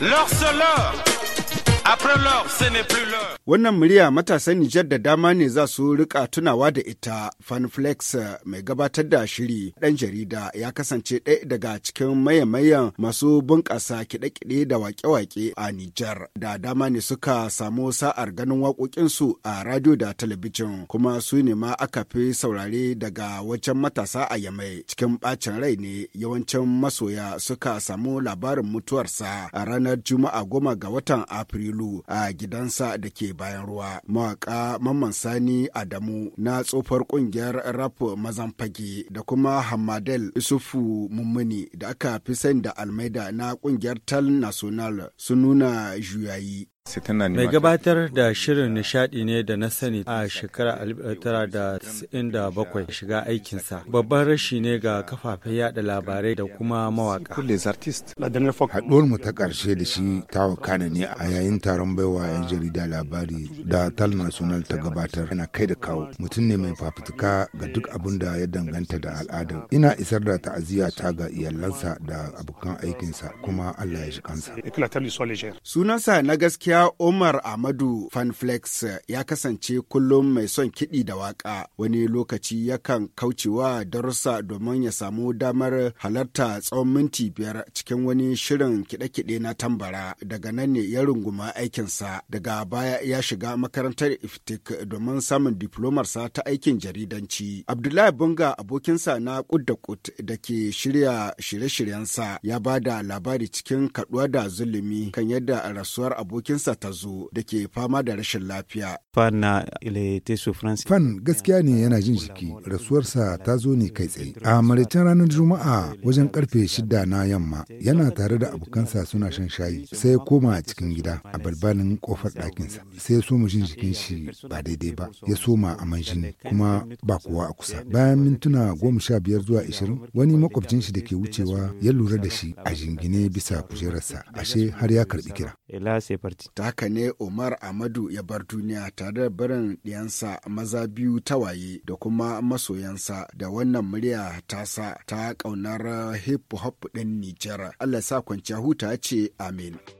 L'heure, c'est l'heure. Après l'heure, ce n'est plus l'heure. Wannan murya matasan Nijar da dama ne za su rika tunawa da ita Fanflex eh, mai gabatar da shiri ɗan jarida ya kasance ɗaya daga cikin maye-mayen masu bunƙasa kiɗe-kiɗe da waƙe-waƙe a Nijar. Da dama ne suka samu sa'ar ganin waƙoƙinsu a radio da talabijin kuma su ne ma aka fi saurare daga wajen matasa a Yamai. Cikin ɓacin rai ne yawancin masoya suka samu labarin mutuwarsa a ranar Juma'a goma ga watan Afrilu a gidansa da ke bayan ruwa mawaka mamman sani adamu na tsofar kungiyar rap mazan fage da kuma hamadel isufu mummuni da aka fi sani da almaida na kungiyar tal national sun nuna juyayi Mai gabatar da shirin nishadi ne da na sani a shekarar 1997 shiga aikinsa. Babban rashi ne ga kafafen yada labarai da kuma mawaka. Haɗuwar mu ta ƙarshe da shi ta wakana ne a yayin taron baiwa 'yan jarida labari da Tal National ta gabatar yana kai da kawo. Mutum ne mai fafutuka ga duk abin da ya danganta da al'adar. Ina isar da ta'aziyya ta ga iyalansa da abokan aikinsa kuma Allah ya shi kansa. Sunansa na gaskiya Yahaya Umar Ahmadu Fanflex eh, ya kasance kullum mai son kiɗi da waƙa wani lokaci yakan kaucewa darussa domin ya samu damar halarta tsawon minti biyar cikin wani shirin kiɗe-kiɗe na tambara daga nan ne ya runguma aikinsa daga baya ya shiga makarantar iftik domin samun diplomarsa ta aikin jaridanci. Abdullahi Bunga abokinsa na kud da da ke shirya shirye-shiryensa ya ba da labari cikin kaɗuwa da zulumi kan yadda rasuwar abokin matarsa ta zo da ke fama da rashin lafiya. Fan gaskiya ne yana jin jiki, rasuwarsa ta zo ne kai tsaye. A maritan ranar Juma'a wajen karfe shida na yamma yana tare da abokansa suna shan shayi sai koma cikin gida a balbalin kofar ɗakinsa sai ya soma jin jikin shi ba daidai ba ya soma aman jini kuma ba kowa a kusa. Bayan mintuna goma sha biyar zuwa ashirin wani makwabcin shi da ke wucewa ya lura da shi a jingine bisa kujerarsa ashe har ya karɓi kira Ila Sefarti. Haka ne umar Amadu ya bar duniya tare da barin ɗiyansa maza biyu tawaye da kuma masoyansa da wannan murya sa ta ƙaunar hip hop ɗin Nijar. Allah sa kwanciya huta ce amin.